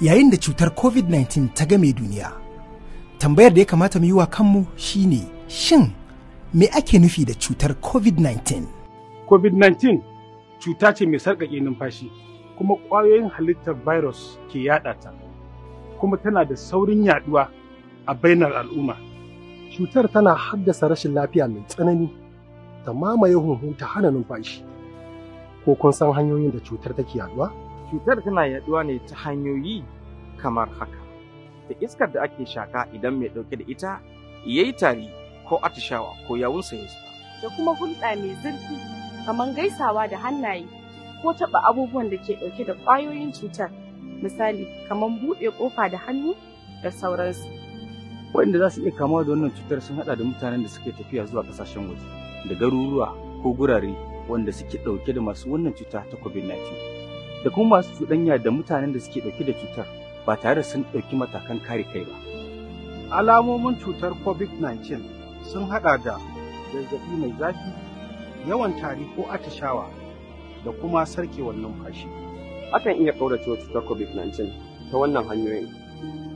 yayin da cutar covid-19 ta game duniya tambayar da ya kamata mu yi wa kanmu shine shin me ake nufi da cutar covid-19 covid-19 cuta ce mai sarƙaƙe numfashi kuma ƙwayoyin halittar virus ke yaɗa ta kuma tana da saurin yaɗuwa a bainar al'umma cutar tana haddasa rashin lafiya mai tsanani ta mamaye hunhun ta hana numfashi ko kun san hanyoyin da cutar take yaɗuwa? Cutar tana yaduwa ne ta hanyoyi kamar haka. Da iskar da ake shaka idan mai ɗauke da ita ya yi tari ko atishawa ko yawunsa ya zuba. Da kuma hulɗa mai zurfi kamar gaisawa da hannaye ko taɓa abubuwan da ke ɗauke da ƙwayoyin cutar misali kamar buɗe ƙofa da hannu da sauransu. Waɗanda za su iya kama da wannan cutar sun haɗa da mutanen da suke tafiya zuwa ƙasashen waje da garuruwa ko gurare wanda suke ɗauke da masu wannan cuta ta COVID-19. da kuma masu cuɗanya da mutanen da suke ɗauke da cutar ba tare da sun ɗauki matakan kare kai ba. Alamomin cutar COVID-19 sun haɗa da zazzaɓi mai zafi, yawan tari ko atishawa da kuma sarkewar numfashi. Akan iya ƙaurace wa cutar COVID-19 ta wannan hanyoyin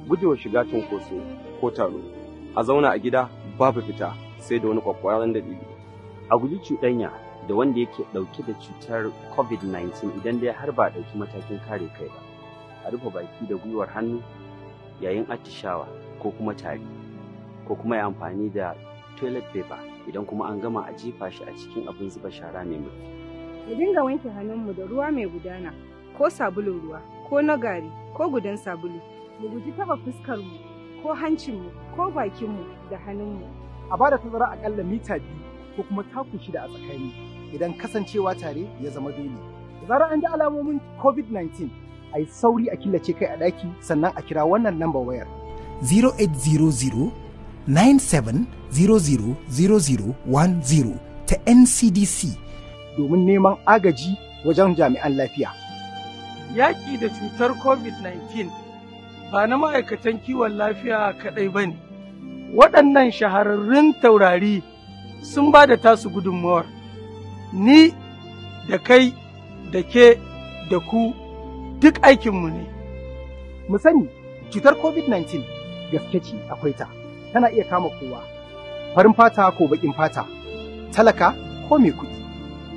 gujewa shiga cunkoso ko taro, a zauna a gida babu fita sai da wani kwakwaran dalili. A guji cuɗanya da wanda yake ɗauke da cutar covid-19 idan dai har ba a ɗauki matakin kare kai ba a rufe baki da gwiwar hannu yayin atishawa ko kuma tari ko kuma ya amfani da toilet paper idan kuma an gama a jefa shi a cikin abin zuba shara mai murfi. mu dinga wanke hannunmu da ruwa mai gudana ko sabulun ruwa ko na gari ko gudan sabulu mu guji taba fuskarmu ko hancinmu ko bakinmu da hannunmu a bada tazara akalla mita biyu ko kuma taku shida a tsakani idan kasancewa tare ya zama dole. Da zarar an ji alamomin COVID-19 a yi sauri a killace kai a ɗaki sannan a kira wannan lambar wayar. 0800-9700-0010 ta NCDC domin neman agaji wajen jami'an lafiya. Yaƙi da cutar COVID-19 ba na ma'aikatan kiwon lafiya kaɗai ba ne. Waɗannan shahararrun taurari sun ba da tasu gudunmawar, ni da kai da ke da ku duk aikinmu ne. Mu sani cutar COVID-19 gaske ce akwai ta, tana iya kama kowa, farin fata ko baƙin fata, talaka ko mai kuɗi,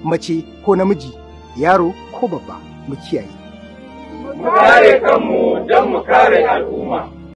mace ko namiji, yaro ko babba mu kiyaye. Mu kare kanmu don mu kare al'umma.